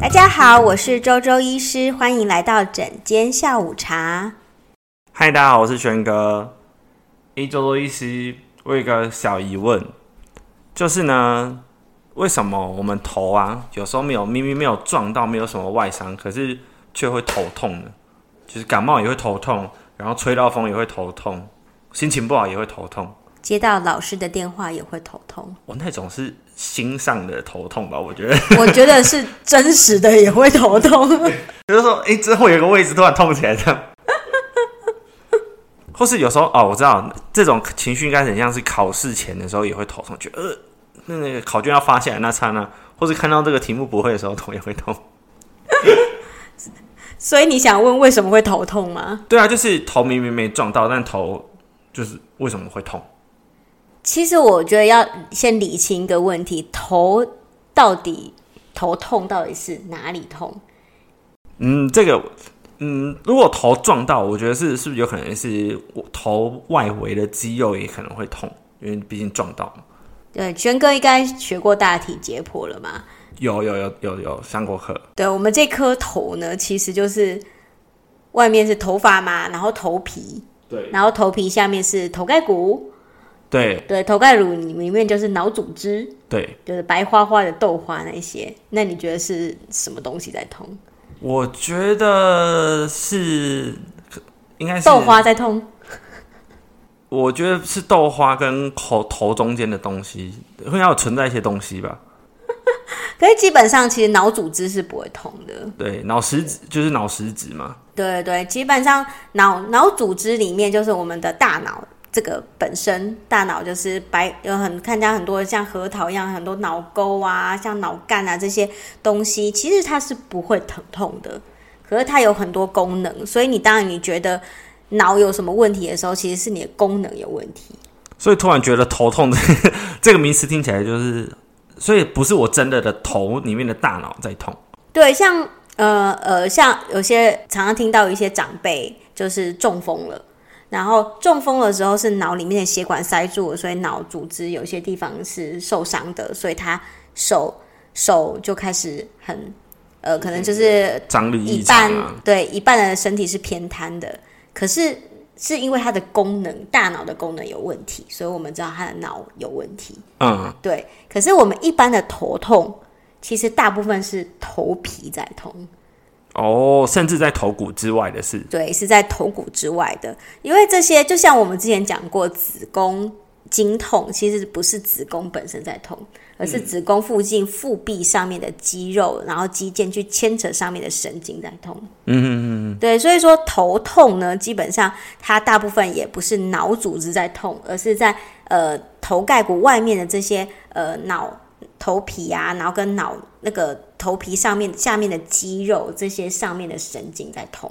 大家好，我是周周醫師，歡迎來到診間下午茶。嗨，大家好，我是軒哥。哎、欸，周周醫師，我有一個小疑問，就是呢，為什麼我們頭啊，有時候沒有咪咪，明明沒有撞到，沒有什麼外傷，可是卻會頭痛呢？就是感冒也會頭痛，然後吹到風也會頭痛。心情不好也會頭痛，接到老師的電話也會頭痛。我、哦、那種是心上的頭痛吧？我覺得，我覺得是真實的也會頭痛。比如 說，哎、欸，之後有個位置突然痛起來這樣， 或是有時候哦，我知道這種情緒應該很像是考試前的時候也會頭痛，覺得呃，那個考卷要發下來那剎那，或是看到這個題目不會的時候頭痛也會痛。 所以你想問為什麼會頭痛嗎？對啊，就是頭明明沒撞到，但頭。就是為什麼會痛？其實我覺得要先理清一個問題：頭到底頭痛到底是哪裡痛？嗯，這個嗯，如果頭撞到，我覺得是是不是有可能是頭外圍的肌肉也可能會痛，因為畢竟撞到。對，全哥應該學過大體解剖了嗎？有有有有有上過課。對，我們這顆頭呢，其實就是外面是頭髮嘛，然後頭皮。對然後頭皮下面是頭蓋骨，對對，頭蓋骨裡面就是腦組織，對，就是白花花的豆花那些。那你覺得是什麼東西在痛？我覺得是，應該是豆花在痛。我覺得是豆花跟骨頭中間的東西，會要有存在一些東西吧。可是基本上，其實腦組織是不會痛的。對，腦實質就是腦實質嘛。對對對，基本上腦腦組織裡面就是我們的大腦這個本身，大腦就是白有，很看見很多像核桃一樣，很多腦溝啊，像腦幹啊這些東西，其實它是不會疼痛的。可是它有很多功能，所以你當然你覺得腦有什麼問題的時候，其實是你的功能有問題。所以突然覺得頭痛的 這個名詞聽起來就是。所以不是我真的的頭裡面的大腦在痛。對，像呃呃，像有些常常聽到一些長輩就是中風了，然後中風的時候是腦裡面的血管塞住了，所以腦組織有些地方是受傷的，所以他手手就開始很呃，可能就是張力異常、啊，對，一半的身體是偏癱的，可是。是因為它的功能，大腦的功能有問題，所以我們知道他的腦有問題。嗯，對。可是我們一般的頭痛，其實大部分是頭皮在痛。哦，甚至在頭骨之外的是？對，是在頭骨之外的，因為這些就像我們之前講過子，子宮。經痛其實不是子宮本身在痛，而是子宮附近腹壁上面的肌肉，然後肌腱去牽扯上面的神經在痛。嗯嗯嗯，對，所以說頭痛呢，基本上它大部分也不是腦組織在痛，而是在呃頭蓋骨外面的這些呃腦頭皮啊，然後跟腦那個頭皮上面下面的肌肉這些上面的神經在痛。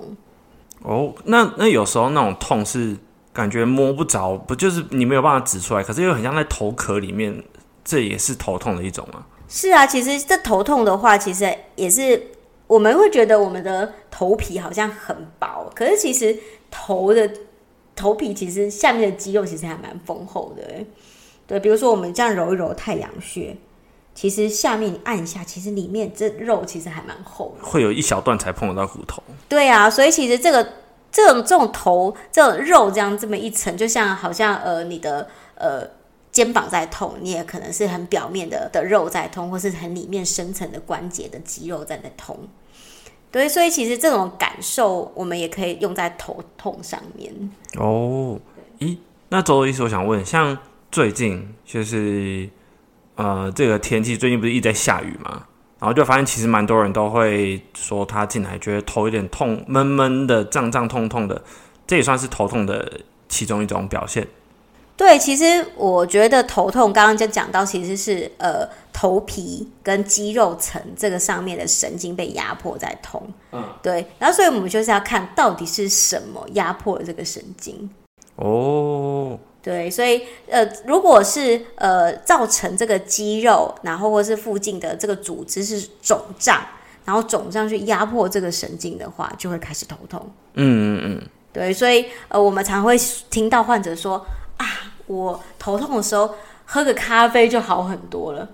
哦，那那有時候那種痛是。感覺摸不着，不就是你沒有辦法指出來？可是又很像在頭殼裡面，這也是頭痛的一種啊。是啊，其實這頭痛的話，其實也是我們會覺得我們的頭皮好像很薄，可是其實頭的頭皮其實下面的肌肉其實還蠻豐厚的。對，比如說我們這樣揉一揉太陽穴，其實下面你按一下，其實裡面這肉其實還蠻厚的，會有一小段才碰得到骨頭。對啊，所以其實這個。這種這種頭這種肉這樣這麼一層，就像好像呃你的呃肩膀在痛，你也可能是很表面的的肉在痛，或是很裡面深層的關節的肌肉在那痛。對，所以其實這種感受，我們也可以用在頭痛上面。哦，咦，那周周醫師，我想問，像最近就是呃這個天氣，最近不是一直在下雨嗎？然後就發現，其實蠻多人都會說，他進來覺得頭有點痛，悶悶的、脹脹痛痛的，這也算是頭痛的其中一種表現。對，其實我覺得頭痛，剛剛就講到，其實是呃頭皮跟肌肉層這個上面的神經被壓迫在痛。嗯，對。然後，所以我們就是要看到底是什麼壓迫了這個神經。哦。對，所以呃，如果是呃造成這個肌肉，然後或是附近的這個組織是腫脹，然後腫脹去壓迫這個神經的話，就會開始頭痛。嗯嗯嗯，對，所以呃，我們常會聽到患者說啊，我頭痛的時候喝個咖啡就好很多了。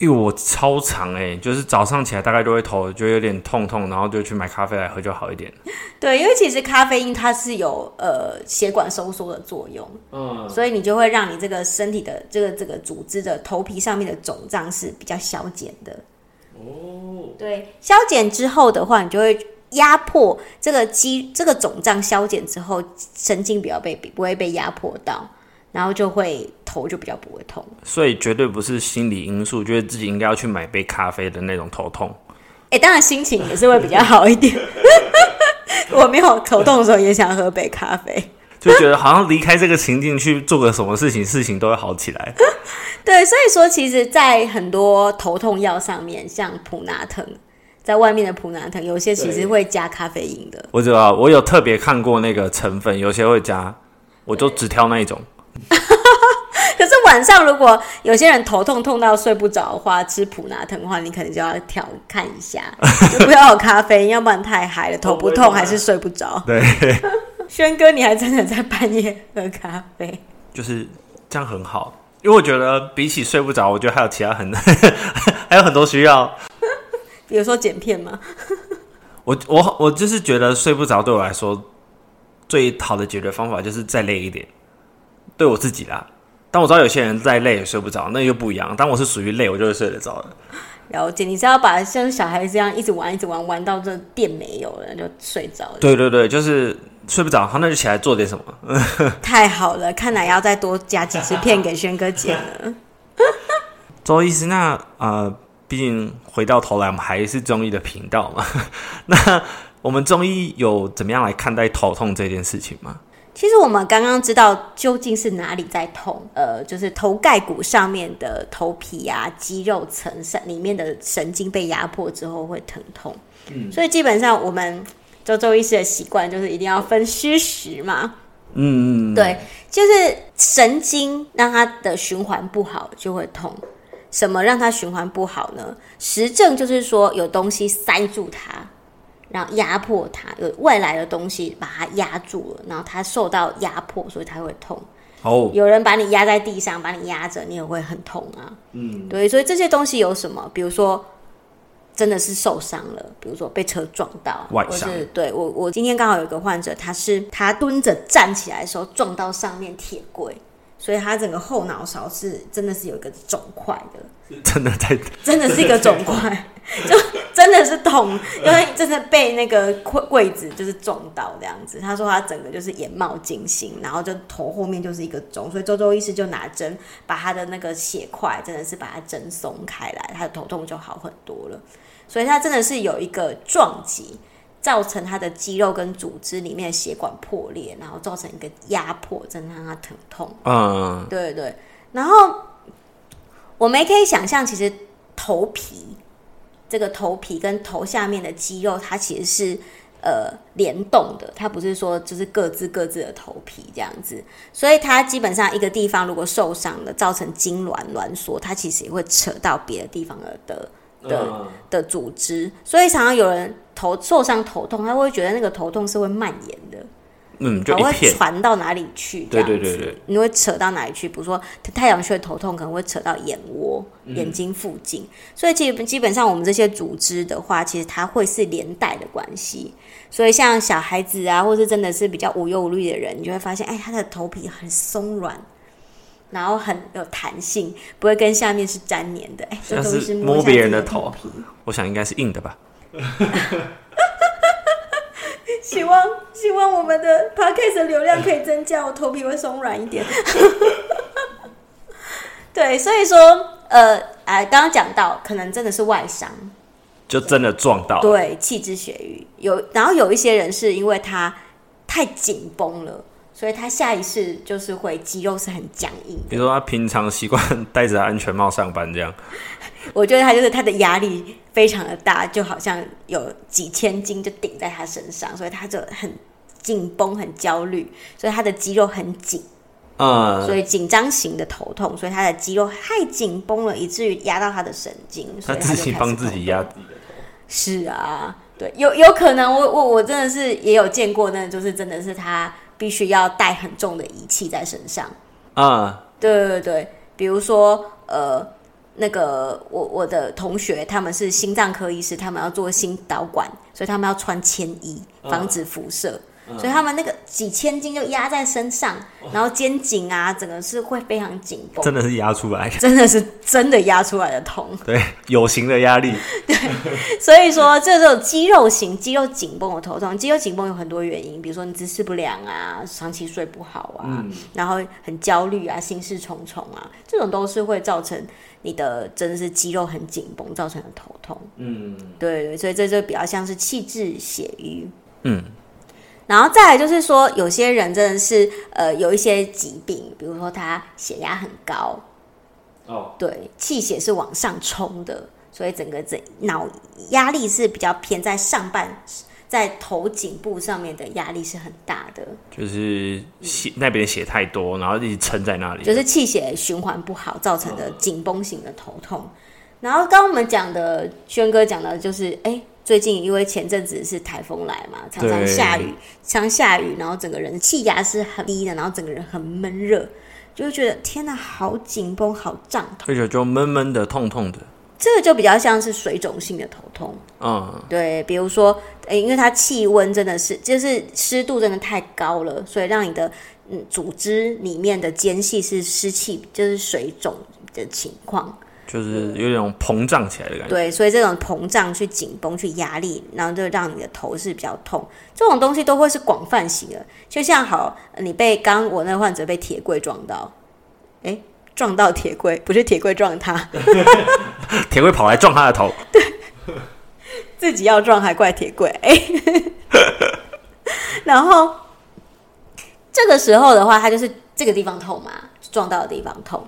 因為我超常哎、欸，就是早上起來大概都會頭就有點痛痛，然後就去買咖啡來喝就好一點。對，因為其實咖啡因它是有呃血管收縮的作用，嗯，所以你就會讓你這個身體的這個這個組織的頭皮上面的腫脹是比較消減的。哦，對，消減之後的話，你就會壓迫這個肌這個腫脹消減之後，神經比較被不會被壓迫到，然後就會。頭就比較不會痛，所以絕對不是心理因素，覺、就、得、是、自己應該要去買杯咖啡的那種頭痛。哎、欸，當然心情也是會比較好一點。 我沒有頭痛的時候也想喝杯咖啡，就覺得好像離開這個情境去做個什麼事情， 事情都會好起來。 對，所以說，其實在很多頭痛藥上面，像普拿疼，在外面的普拿疼，有些其實會加咖啡因的。我知道，我有特別看過那個成分，有些會加，我就只挑那一種。晚上如果有些人頭痛痛到睡不着的話，吃普拿疼的話，你可能就要調看一下，不要喝咖啡， 要不然太嗨了，頭不痛 還是睡不着。對，軒 哥，你還真的在半夜喝咖啡？就是這樣很好，因為我覺得比起睡不着，我覺得還有其他很 還有很多需要， 比如說剪片嘛 。我我我就是覺得睡不着對我來說最好的解決的方法就是再累一點，對我自己啦。但我知道有些人再累也睡不着，那又不一樣。但我是屬於累，我就會睡得着的。了解，你是要把像小孩這樣一直玩一直玩玩到這電沒有了，就睡着。對對對，就是睡不着，好，那就起來做點什麼。 太好了，看來要再多加幾次片給軒哥姐了。周醫師，那啊，畢、呃、竟，回到頭來我們還是中醫的頻道嘛。 那我們中醫有怎麼樣來看待頭痛這件事情嗎？其實我們剛剛知道究竟是哪裡在痛，呃，就是頭蓋骨上面的頭皮啊、肌肉層裡面的神經被壓迫之後會疼痛。嗯，所以基本上我們周周醫師的習慣就是一定要分虛實嘛。嗯嗯，對，就是神經讓它的循環不好就會痛，什麼讓它循環不好呢？實證就是說有東西塞住它。然後壓迫它，有外來的東西把它壓住了，然後它受到壓迫，所以它會痛。Oh. 有人把你壓在地上，把你壓着，你也會很痛啊。嗯，mm. 對，所以這些東西有什麼？比如說，真的是受傷了，比如說被車撞到，外傷。我就是、對我，我今天剛好有一個患者，他是他蹲着站起來的時候撞到上面鐵櫃。所以他整個後腦勺是真的是有一個腫塊的，真的在，真的是一個腫塊，真 就真的是痛， 因為真的被那個櫃櫃子就是撞到這樣子。他說他整個就是眼冒金星，然後就頭後面就是一個腫，所以周周醫師就拿針把他的那個血塊真的是把它針鬆開來，他的頭痛就好很多了。所以他真的是有一個撞擊。造成它的肌肉跟組織裡面的血管破裂，然後造成一個壓迫，真的讓它疼痛。嗯，uh. 對，對對。然後我們也可以想象，其實頭皮這個頭皮跟頭下面的肌肉，它其實是呃聯動的，它不是說就是各自各自的頭皮這樣子。所以它基本上一個地方如果受傷了，造成痙攣攣縮，它其實也會扯到別的地方的的、uh. 的組織。所以常常有人。頭受傷頭痛，他會，會覺得那個頭痛是會蔓延的，嗯，就會傳到哪裡去？對對對對，你會扯到哪裡去？比如說太陽穴頭痛可能會扯到眼窩、嗯、眼睛附近，所以基基本上我們這些組織的話，其實它會是連帶的關係。所以像小孩子啊，或是真的是比較無憂無慮的人，你就會發現，哎、欸，他的頭皮很鬆軟，然後很有彈性，不會跟下面是沾黏的。哎、欸，是摸別人的頭皮，我想應該是硬的吧。哈哈哈希望希望我們的 podcast 流量可以增加，我頭皮會鬆軟一點。 對，所以說，呃，哎，剛剛講到，可能真的是外傷，就真的撞到，對，氣滯血瘀有，然後有一些人是因為他太緊繃了。所以他下一次就是會肌肉是很僵硬。比如說他平常習慣戴着安全帽上班，這樣？我覺得他就是他的壓力非常的大，就好像有幾千斤就頂在他身上，所以他就很緊繃、很焦慮，所以他的肌肉很緊啊。所以緊張型的頭痛，所以他的肌肉太緊繃了，以至於壓到他的神經，他自己幫自己壓。是啊，對，有有可能我我我真的是也有見過，那的就是真的是他。必須要帶很重的儀器在身上啊！Uh. 對對對，比如說呃，那個我我的同學他們是心臟科醫師，他們要做心導管，所以他們要穿鉛衣，防止輻射。Uh. 嗯、所以他們那個幾千斤就壓在身上，然後肩頸啊，哦、整個是會非常緊繃。真的是壓出來的，真的是真的壓出來的痛。對，有形的壓力。對，所以說這種肌肉型肌肉緊繃的頭痛，肌肉緊繃有很多原因，比如說你姿勢不良啊，長期睡不好啊，嗯、然後很焦慮啊，心事重重啊，這種都是會造成你的真的是肌肉很緊繃造成的頭痛。嗯，對對，所以這就比較像是氣滯血瘀。嗯。然後再來就是說，有些人真的是呃有一些疾病，比如說他血壓很高，哦，oh. 對，氣血是往上衝的，所以整個這腦壓力是比較偏在上半，在頭頸部上面的壓力是很大的，就是血那邊血太多，然後一直撐在那裡，就是氣血循環不好造成的緊繃型的頭痛。Oh. 然後剛剛我們講的軒哥講的就是，哎、欸。最近因為前陣子是台風來嘛，常常下雨，對常下雨，然後整個人氣壓是很低的，然後整個人很悶熱，就會覺得天吶，好緊繃，好脹痛，而且就，就悶悶的、痛痛的。這個就比較像是水腫性的頭痛，嗯，對。比如說，誒，因為它氣溫真的是，就是濕度真的太高了，所以讓你的嗯組織裡面的間隙是濕氣，就是水腫的情況。就是有點那種膨脹起來的感覺，對，所以這種膨脹去緊繃去壓力，然後就讓你的頭是比較痛。這種東西都會是廣泛型的，就像好，你被剛剛我那個患者被鐵櫃撞到，欸、撞到鐵櫃，不是鐵櫃撞他，鐵櫃 跑來撞他的頭，對，自己要撞還怪鐵櫃、欸、 然後這個時候的話，他就是這個地方痛嘛，撞到的地方痛。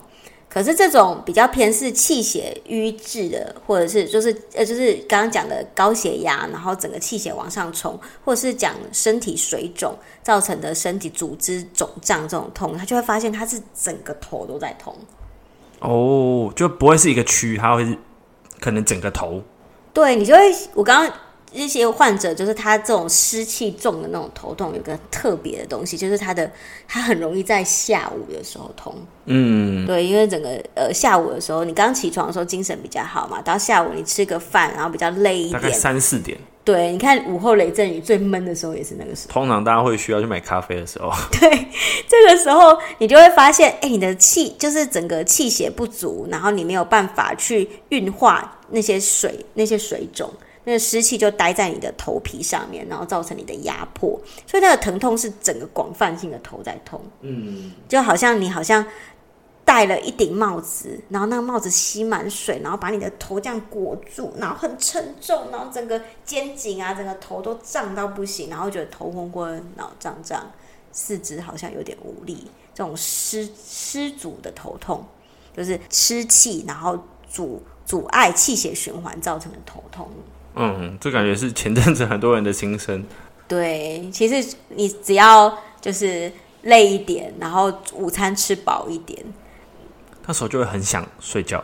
可是這種比較偏是氣血瘀滯的，或者是就是呃就是剛剛講的高血壓，然後整個氣血往上衝，或者是講身體水腫造成的身體組織腫脹這種痛，他就會發現他是整個頭都在痛哦，oh, 就不會是一個區，他會是可能整個頭。對，你就會我剛剛。這些患者就是他這種濕氣重的那種頭痛，有一個特別的東西，就是他的他很容易在下午的時候痛。嗯，對，因為整個呃下午的時候，你剛起床的時候精神比較好嘛，到下午你吃個飯，然後比較累一點，大概三四點。對，你看午後雷陣雨最悶的時候也是那個時候。通常大家會需要去買咖啡的時候，對，這個時候你就會發現，哎、欸，你的氣就是整個氣血不足，然後你沒有辦法去運化那些水那些水腫。那濕氣就待在你的頭皮上面，然後造成你的壓迫，所以它的疼痛是整個廣泛性的頭在痛。嗯，就好像你好像戴了一頂帽子，然後那個帽子吸滿水，然後把你的頭這樣裹住，然後很沉重，然後整個肩頸啊，整個頭都脹到不行，然後覺得頭昏昏、腦脹脹，四肢好像有點無力。這種濕濕阻的頭痛，就是濕氣然後阻阻礙氣血循環造成的頭痛。嗯，這感覺是前陣子很多人的心聲。對，其實你只要就是累一點，然後午餐吃飽一點，那時候就會很想睡覺。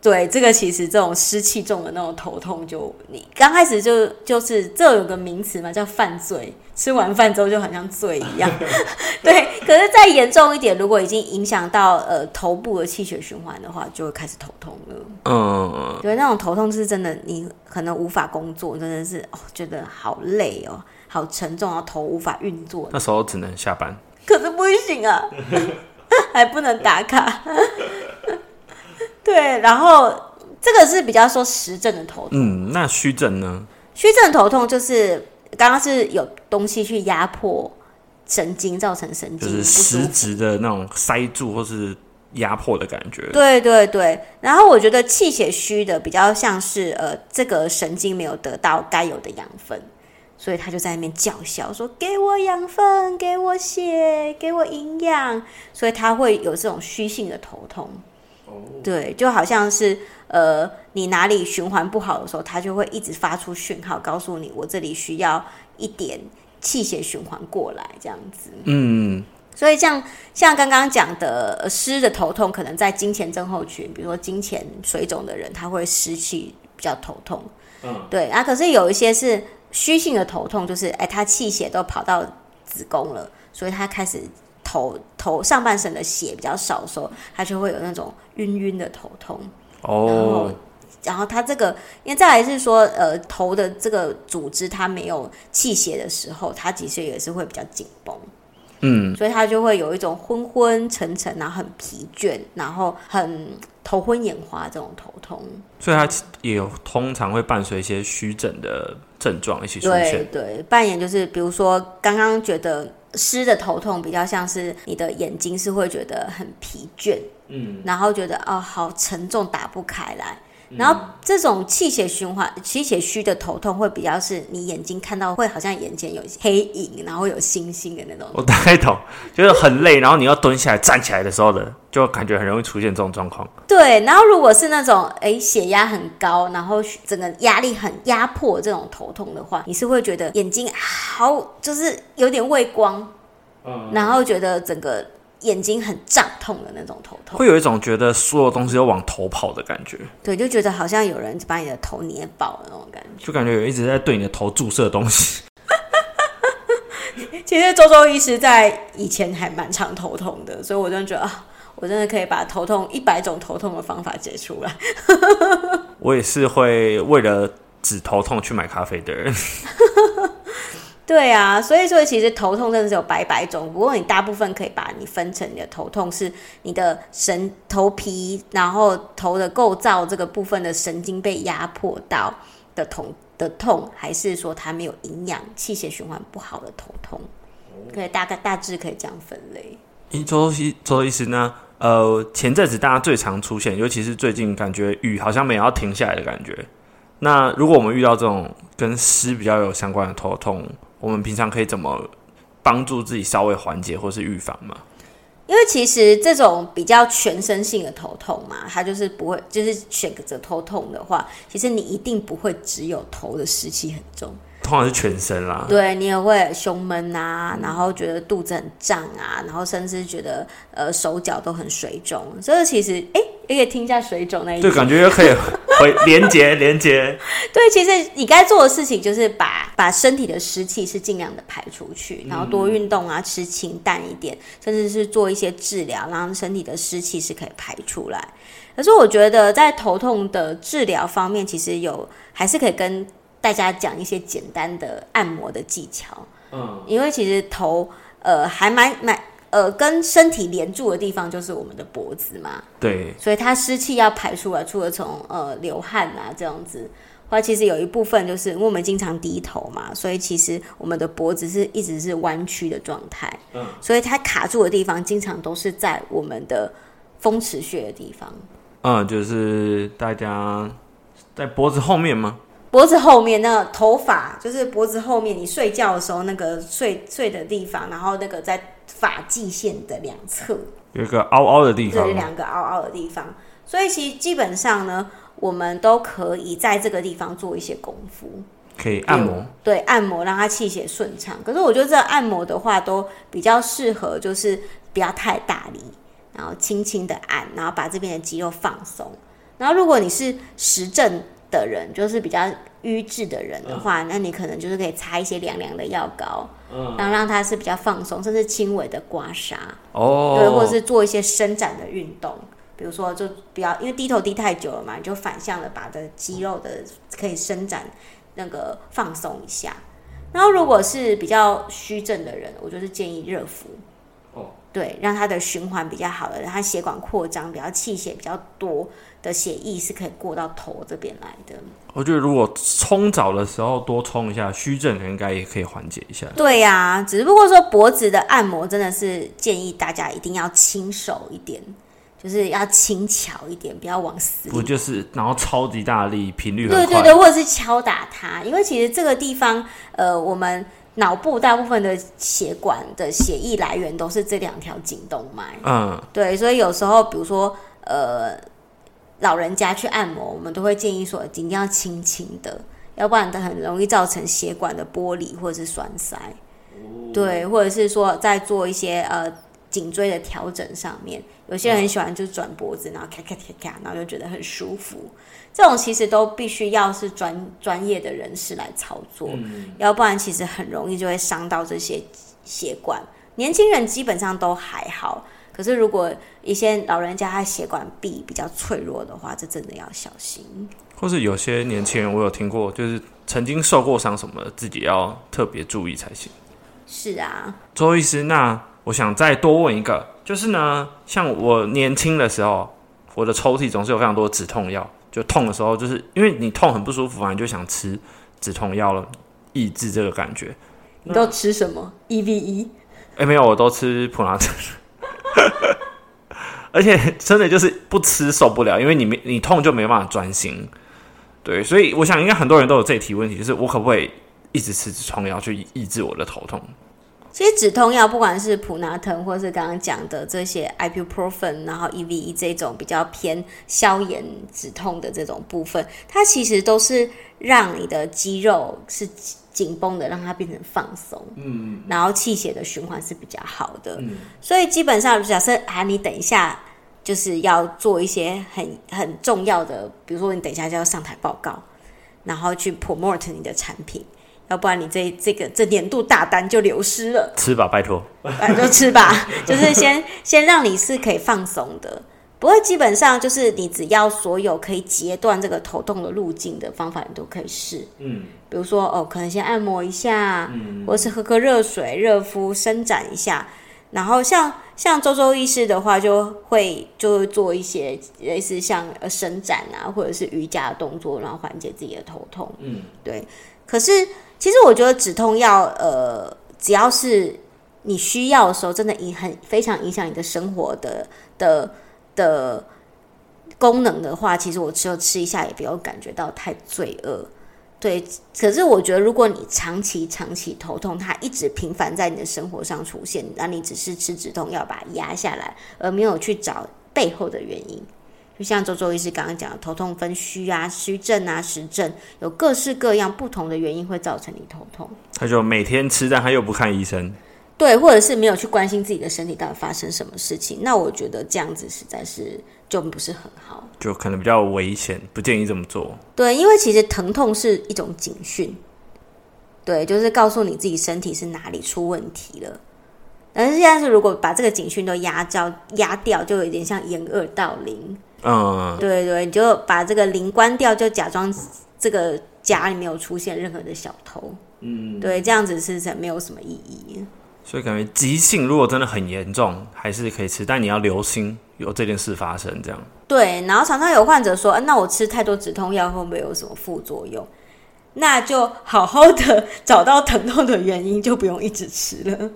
對，這個其實這種濕氣重的那種頭痛就，就你剛開始就就是這有個名詞嘛，叫“犯罪”。吃完飯之後就好像醉一樣， 對。可是再嚴重一點，如果已經影響到呃頭部的氣血循環的話，就會開始頭痛了。嗯、呃，對，那種頭痛是真的，你可能無法工作，真的是哦，覺得好累哦，好沉重哦，然後頭無法運作。那時候只能下班，可是不行啊， 還不能打卡。 對，然後這個是比較說實症的頭痛。嗯，那虛症呢？虛症頭痛就是。剛剛是有東西去壓迫神經，造成神經就是實質的那種塞住或是壓迫的感覺。對對對，然後我覺得氣血虛的比較像是呃，這個神經沒有得到該有的養分，所以他就在那邊叫囂說：“給我養分，給我血，給我營養。”所以他會有這種虛性的頭痛。對，就好像是呃，你哪裡循環不好的時候，它就會一直發出訊號告訴你，我這裡需要一點氣血循環過來這樣子。嗯，所以像像剛剛講的濕、呃、的頭痛，可能在經前症候群，比如說經前水腫的人，他會濕氣比較頭痛。嗯、對啊，可是有一些是虛性的頭痛，就是哎，他、欸、氣血都跑到子宮了，所以他開始。頭頭上半身的血比較少的時候，它就會有那種暈暈的頭痛。哦、oh.，然後它這個，因為再來是說，呃，頭的這個組織它沒有氣血的時候，它其實也是會比較緊繃。嗯，mm. 所以它就會有一種昏昏沉沉啊，然後很疲倦，然後很頭昏眼花的這種頭痛。所以它也有通常會伴隨一些虛症的。症狀一起出現，對對，扮演就是，比如說，剛剛覺得濕的頭痛比較像是你的眼睛是會覺得很疲倦，嗯，然後覺得哦，好沉重，打不開來。嗯、然後這種氣血循環，氣血虛的頭痛會比較是你眼睛看到會好像眼前有黑影，然後有星星的那種。我大概懂，就是很累， 然後你要蹲下來、站起來的時候的，就感覺很容易出現這種狀況。對，然後如果是那種哎血壓很高，然後整個壓力很壓迫這種頭痛的話，你是會覺得眼睛好就是有點畏光，嗯嗯，然後覺得整個。眼睛很脹痛的那種頭痛，會有一種覺得所有東西都往頭跑的感覺，對，就覺得好像有人把你的頭捏爆的那種感覺，就感覺有一直在對你的頭注射的東西。 其實周周醫師在以前還蠻常頭痛的，所以我真的覺得啊，我真的可以把頭痛一百種頭痛的方法解出來。 我也是會為了止頭痛去買咖啡的人。 對啊，所以說其實頭痛真的是有百百種，不過你大部分可以把你分成你的頭痛是你的神頭皮，然後頭的構造這個部分的神經被壓迫到的痛的痛，還是說它沒有營養、氣血循環不好的頭痛，可以大概大致可以這樣分類。周醫，周醫師呢？呃，前陣子大家最常出現，尤其是最近感覺雨好像沒有要停下來的感覺。那如果我們遇到這種跟濕比較有相關的頭痛，我們平常可以怎麼幫助自己稍微緩解或是預防嗎？因為其實這種比較全身性的頭痛嘛，它就是不會，就是選擇頭痛的話，其實你一定不會只有頭的濕氣很重，通常是全身啦、啊。對，你也會胸悶啊，然後覺得肚子很脹啊，然後甚至覺得呃手腳都很水腫。這其實哎。欸也可以聽一下水腫那一集，就感覺可以回，回連接連接。 對，其實你該做的事情就是把把身體的濕氣是盡量的排出去，然後多運動啊，吃清淡一點，嗯、甚至是做一些治療，然後身體的濕氣是可以排出來。可是我覺得在頭痛的治療方面，其實有還是可以跟大家講一些簡單的按摩的技巧。嗯，因為其實頭呃還蠻蠻。呃，跟身體連住的地方就是我們的脖子嘛。對。所以它濕氣要排出來，除了從呃流汗啊這樣子，或其實有一部分就是因為我們經常低頭嘛，所以其實我們的脖子是一直是彎曲的狀態。嗯。所以它卡住的地方，經常都是在我們的風池穴的地方。嗯，就是大家在脖子後面嗎？脖子後面，那頭髮就是脖子後面，你睡覺的時候那個睡睡的地方，然後那個在。髮際線的兩側有一個凹凹的地方，對，兩個凹凹的地方，所以其實基本上呢，我們都可以在這個地方做一些功夫，可以按摩、嗯，對，按摩讓它氣血順暢。可是我覺得這個按摩的話，都比較適合，就是不要太大力，然後輕輕的按，然後把這邊的肌肉放鬆。然後如果你是實症，的人就是比較瘀滯的人的話，嗯、那你可能就是可以擦一些涼涼的藥膏，然後、嗯、讓它是比較放鬆，甚至輕微的刮痧、哦、對，或者是做一些伸展的運動，比如說就比較因為低頭低太久了嘛，你就反向的把這肌肉的可以伸展那個放鬆一下。然後如果是比較虛症的人，我就是建議熱敷。對，讓它的循環比較好的，讓它血管擴張，比較氣血比較多的血液是可以過到頭這邊來的。我覺得如果沖澡的時候多沖一下虛症，虛應該也可以緩解一下。對呀、啊，只不過說脖子的按摩真的是建議大家一定要輕手一點，就是要輕巧一點，不要往死不就是，然後超級大力頻率很，對對對，或者是敲打它，因為其實這個地方呃，我們。腦部大部分的血管的血液來源都是這兩條頸動脈。嗯，uh. 對，所以有時候比如說，呃，老人家去按摩，我們都會建議說，一定要輕輕的，要不然它很容易造成血管的剝離或者是栓塞。Uh. 對，或者是說在做一些呃。頸椎的調整上面，有些人很喜歡就是轉脖子，然後咔咔咔咔，然後就覺得很舒服。這種其實都必須要是專專業的人士來操作，嗯，要不然其實很容易就會傷到這些血管。年輕人基本上都還好，可是如果一些老人家他血管壁比較脆弱的話，這真的要小心。或是有些年輕人，我有聽過，就是曾經受過傷什麼的，自己要特別注意才行。是啊，周醫師那。我想再多問一個，就是呢，像我年輕的時候，我的抽屜總是有非常多止痛藥，就痛的時候，就是因為你痛很不舒服，你就想吃止痛藥了，抑制這個感覺。你都吃什麼？E V E？沒、欸、沒有，我都吃普拉斯。 而且真的就是不吃受不了，因為你沒你痛就沒辦法專心。對，所以我想，應該很多人都有這題問題，就是我可不可以一直吃止痛藥去抑制我的頭痛？其實止痛藥不管是普拿疼，或是剛剛講的這些 ibuprofen 然後 EVE 這種比較偏消炎止痛的這種部分，它其實都是讓你的肌肉是緊繃的，讓它變成放鬆。嗯，然後氣血的循環是比較好的。嗯，所以基本上假設啊，你等一下就是要做一些很很重要的，比如說你等一下就要上台報告，然後去 promote 你的產品。要不然你這這個這年度大單就流失了。吃吧，拜托，拜托吃吧， 就是先先讓你是可以放鬆的。不過基本上就是你只要所有可以截斷這個頭痛的路徑的方法，你都可以試。嗯，比如說哦，可能先按摩一下，嗯，或是喝喝熱水、熱敷、伸展一下。然後像像周周醫師的話，就會就會做一些類似像呃伸展啊，或者是瑜伽的動作，然後緩解自己的頭痛。嗯，對。可是。其實我覺得止痛藥，呃，只要是你需要的時候，真的影很，非常影響你的生活的的的功能的話，其實我只有吃一下，也不要感覺到太罪惡。對，可是我覺得如果你長期長期頭痛，它一直頻繁在你的生活上出現，那你只是吃止痛藥把它壓下來，而沒有去找背後的原因。就像周周醫師剛剛講的，頭痛分虛啊、虛症啊、實症，有各式各樣不同的原因會造成你頭痛。他就每天吃，但他又不看醫生，對，或者是沒有去關心自己的身體到底發生什麼事情。那我覺得這樣子實在是就不是很好，就可能比較危險，不建議這麼做。對，因為其實疼痛是一種警訊，對，就是告訴你自己身體是哪裡出問題了。但是現在是如果把這個警訊都壓掉，壓掉，就有點像掩耳盜鈴。嗯，對對，就把這個鈴關掉，就假裝這個家裡沒有出現任何的小偷。嗯，對，這樣子吃是沒有什麼意義。所以感覺急性如果真的很嚴重，還是可以吃，但你要留心有這件事發生。這樣對，然後常常有患者說：“啊、那我吃太多止痛藥會不會有沒有什麼副作用，那就好好的找到疼痛的原因，就不用一直吃了。”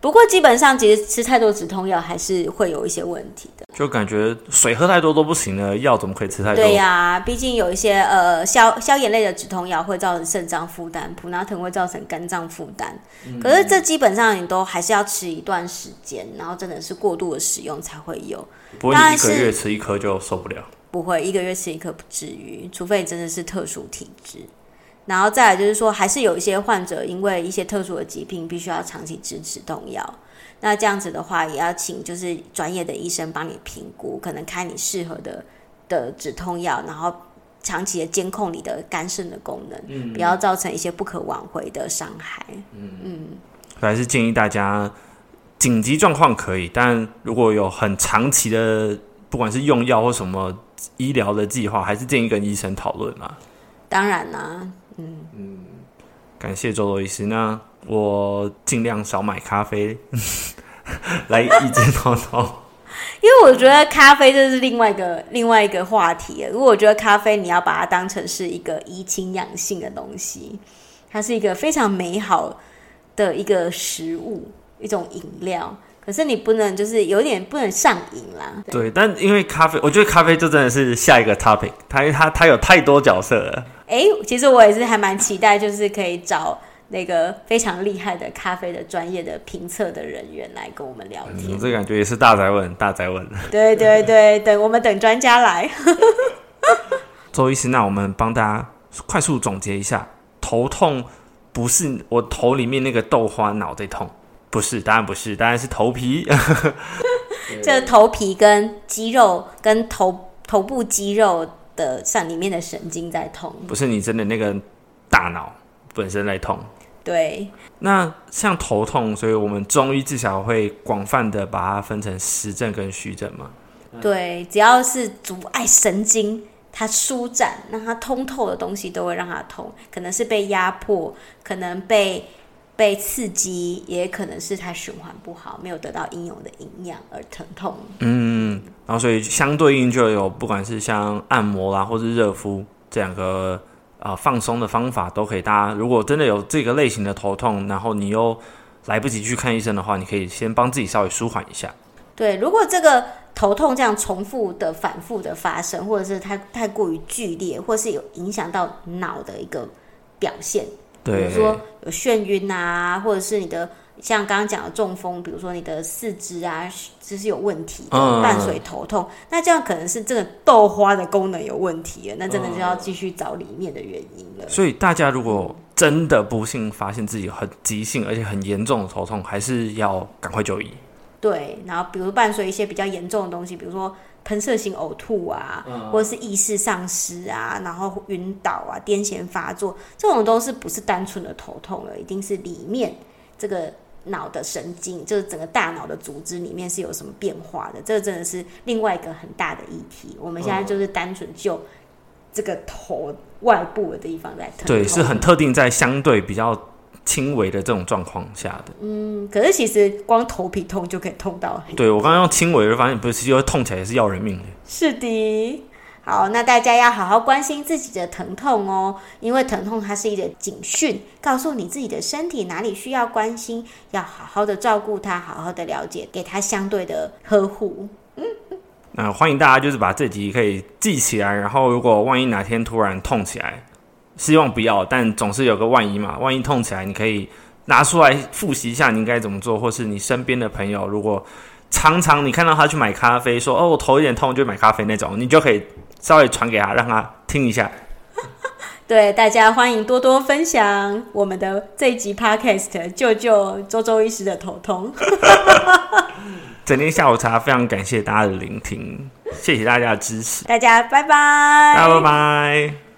不過，基本上其實吃太多止痛藥還是會有一些問題的。就感覺水喝太多都不行了，藥怎麼可以吃太多？對呀、啊，畢竟有一些呃消消炎類的止痛藥會造成腎臟負擔，普拿疼會造成肝臟負擔。嗯、可是這基本上你都還是要吃一段時間，然後真的是過度的使用才會有。不會，你一個月吃一顆就受不了？不會，一個月吃一顆不至於，除非你真的是特殊體質。然後再來就是說，還是有一些患者因為一些特殊的疾病，必須要長期吃止痛藥。那這樣子的話，也要請就是專業的醫生幫你評估，可能開你適合的的止痛藥，然後長期的監控你的肝腎的功能，嗯、不要造成一些不可挽回的傷害。嗯嗯，還、嗯、是建議大家緊急狀況可以，但如果有很長期的，不管是用藥或什麼醫療的計劃，還是建議跟醫生討論嘛。當然啦。嗯嗯，嗯感謝周周醫師。那我儘量少買咖啡，呵呵來一箭雙雕。因為我覺得咖啡這是另外一個另外一個話題。如果我覺得咖啡，你要把它當成是一個怡情養性的東西，它是一個非常美好的一個食物，一種飲料。可是你不能，就是有點不能上癮啦。對,對，但因為咖啡，我覺得咖啡就真的是下一個 topic。它，它，它有太多角色了。哎、欸，其實我也是還蠻期待，就是可以找那個非常厲害的咖啡的專業的評測的人員來跟我們聊天。嗯、這個、感覺也是大哉問，大哉問。對對對，等 我們等專家來。 周醫師，那我們幫大家快速總結一下：頭痛不是我頭裡面那個豆花腦袋痛。不是，當然不是，當然是頭皮。這 頭皮跟肌肉、跟頭頭部肌肉的，上裡面的神經在痛。不是你真的那個大腦本身在痛。對。那像頭痛，所以我們中醫至少會廣泛的把它分成實症跟虛症嘛。對，只要是阻礙神經它舒展、那它通透的東西，都會讓它痛。可能是被壓迫，可能被。被刺激，也可能是它循環不好，沒有得到應有的營養而疼痛。嗯，然後所以相對應就有不管是像按摩啦，或是熱敷這兩個啊、呃、放鬆的方法，都可以。大家如果真的有這個類型的頭痛，然後你又來不及去看醫生的話，你可以先幫自己稍微舒緩一下。對，如果這個頭痛這樣重複的、反覆的發生，或者是太太過於劇烈，或是有影響到腦的一個表現，對比如說。有眩暈啊，或者是你的像剛剛講的中風，比如說你的四肢啊，就是有問題的，嗯、伴隨頭痛，那這樣可能是這個豆花的功能有問題了，那真的就要繼續找裡面的原因了、嗯。所以大家如果真的不幸發現自己很急性而且很嚴重的頭痛，還是要趕快就醫。對，然後比如伴隨一些比較嚴重的東西，比如說。噴射性嘔吐啊，或者是意識喪失啊，然後暈倒啊，癲癇發作，這種都是不是單純的頭痛了，一定是裡面這個腦的神經，就是整個大腦的組織裡面是有什麼變化的，這真的是另外一個很大的議題。我們現在就是單純就這個頭外部的地方在疼，對，是很特定在相對比較輕微的這種狀況下的，嗯，可是其實光頭皮痛就可以痛到，對我剛剛用輕微的發現，不是就痛起來也是要人命的，是的。好，那大家要好好關心自己的疼痛哦，因為疼痛它是一個警訊，告訴你自己的身體哪裡需要關心，要好好的照顧它，好好的了解，給它相對的呵護。嗯，那、嗯、歡迎大家就是把這集可以記起來，然後如果萬一哪天突然痛起來。希望不要，但總是有個萬一嘛。萬一痛起來，你可以拿出來複習一下，你應該怎麼做，或是你身邊的朋友，如果常常你看到他去買咖啡，說“哦，我頭有點痛，就買咖啡那種”，你就可以稍微傳給他，讓他聽一下。對，大家歡迎多多分享我們的這一集 Podcast，救救周周醫師的頭痛。 診間下午茶，非常感謝大家的聆聽，謝謝大家的支持，大家拜拜，拜拜。